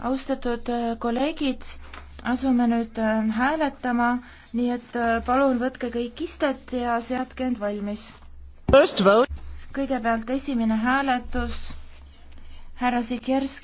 austatud äh, kolleegid, asume nüüd äh, hääletama, nii et äh, palun võtke kõik istet ja seadke end valmis. kõigepealt esimene hääletus, härra Sikerski.